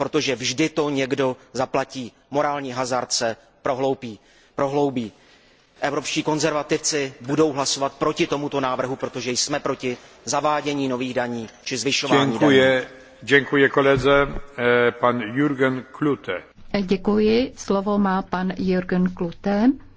protože vždy to někdo zaplatí morální hazard se prohloubí. evropští konzervativci budou hlasovat proti tomuto návrhu protože jsme proti zavádění nových daní či zvyšování daní. Eh, pan Klute. Eh, děkuji. Slovo má pan Klute.